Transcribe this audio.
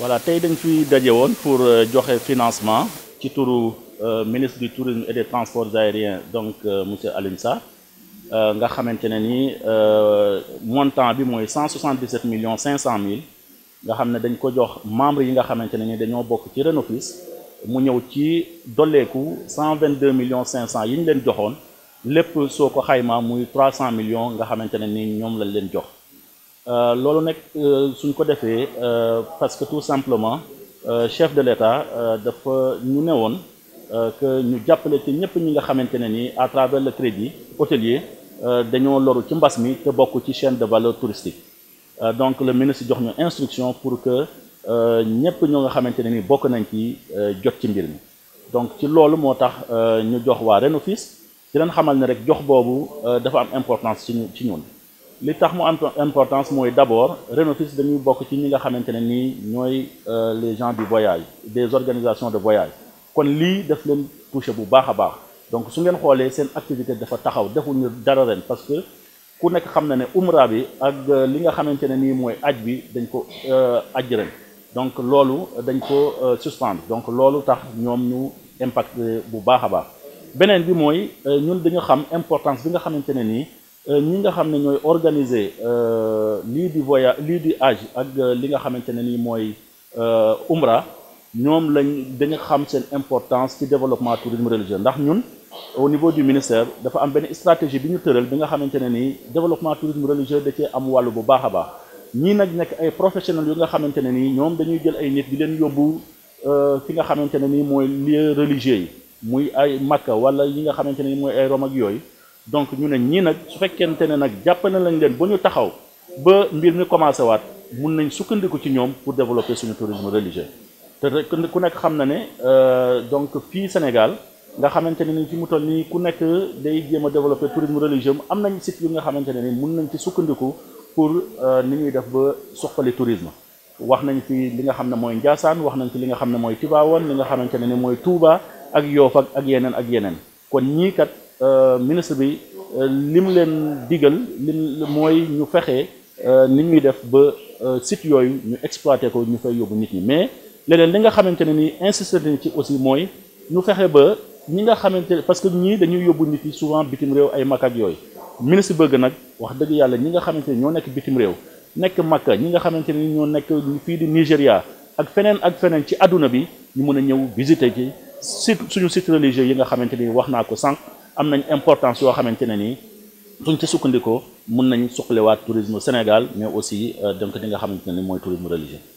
voilà tay dañ fi daje woon pour euh, joxe financement ci turu euh, ministre du tourisme et des transports aériens donc euh, monsieur Alimsa. euh nga xamante ne montant bi moy 177 millions 500 000. nga xam dañ ko jox membre yi nga xamante ne ni ci Renofis mu ñew ci dolleeku 122 millions 500 yi ñu leen joxoon lépp soo ko muy 300 millions nga xamante ne ni ñoom lañ leen jox. Euh, loolu nek euh, suñ ko défé euh, parce que tout simplement chef de l'État dafa ñu ne que ñu jàppale ci ñëpp ñi nga xamante ni à travers le crédit hôtelier dañoo loru ci mbass mi te bokku ci chaîne de valeur touristique donc le ministre jox ñu instruction pour que ñëpp ñoo nga xamante ni bokku nañ ci jot ci mbir mi donc ci lolu motax tax ñu jox wa Renofis di leen xamal ne rek jox boobu dafa am importance ci ci ñun li tax importance mooy d'abord Renofis de bokk ci ñi nga xamante ne nii euh, les gens du voyage des organisations de voyage kon lii daf leen touché bu baax a baax donc su ngeen xoolee seen activité dafa taxaw defuñu dara ren parce que ku nekk xam na ne umra bi ak euh, li nga xamante ne nii mooy bi dañ ko euh, aj donc lolu dañ ko suspendre donc lolu tax ñom ñu impact bu baax a baax beneen bi moy ñun dañu xam importance bi nga xamante ni Euh, ñi nga xam ne ñooy organiser euh, lii di voyage lii di hajj ak euh, li nga xamante ne nii mooy umra ñoom lañ dañu xam seen important ci développement tourisme religieux ndax ñun au niveau du ministère dafa am benn stratégie bi ñu tëral bi nga xamante ne nii développement tourisme religieux da cee am wàllu bu baax a baax ñii nag nekk ay professionnels yu nga xamante ne nii ñoom dañuy jël ay nit di leen yóbbu fi nga xamante ne nii mooy lieu religieux yi muy ay Makka wala yi nga xamante ne mooy ay Rome yooyu donc ñu ne ñii nag su fekkente ne nag jàppale lañ leen ba ñu taxaw ba mbir mi commencé waat mun nañ sukkandiku ci ñoom pour développer suñu tourisme religieux te ku nekk xam na ne euh, donc fii Sénégal nga xamante ne ni fi mu toll nii ku nekk day jéem a développer tourisme religieux am nañ site yu nga xamante ne ni mun nañ ci sukkandiku pour euh, ni ñuy def ba suqali tourisme wax nañ fi li nga xam ne mooy Ndiassane wax nañ fi li nga xam ne mooy Tivaouane li nga xamante ne ni mooy Touba ak Yoff ak yeneen ak yeneen kon ñii ministre bi lim leen digal mooy ñu fexe ni ñuy def ba site yooyu ñu exploité ko ñu fay yóbbu nit ñi mais leneen li nga xamante ni insisté nañ ci aussi mooy ñu fexe ba ñi nga xamante parce que ñii dañuy yóbbu nit yi souvent bitim réew ay makk ak yooyu ministre bëgg nag wax dëgg yàlla ñi nga xamante ñoo nekk bitim réew nekk makka ñi nga xamante ne ñoo nekk fii di Nigéria ak feneen ak feneen ci aduna bi ñu mën a ñëw visiter ci suñu site religieux yi nga xamante ni wax naa ko sànq. am nañ importance yoo xamante ne nii suñ ci sukkandikoo mun nañ suqaliwaat tourisme Sénégal mais aussi euh, donc li nga xamante ne ni mooy tourisme religieux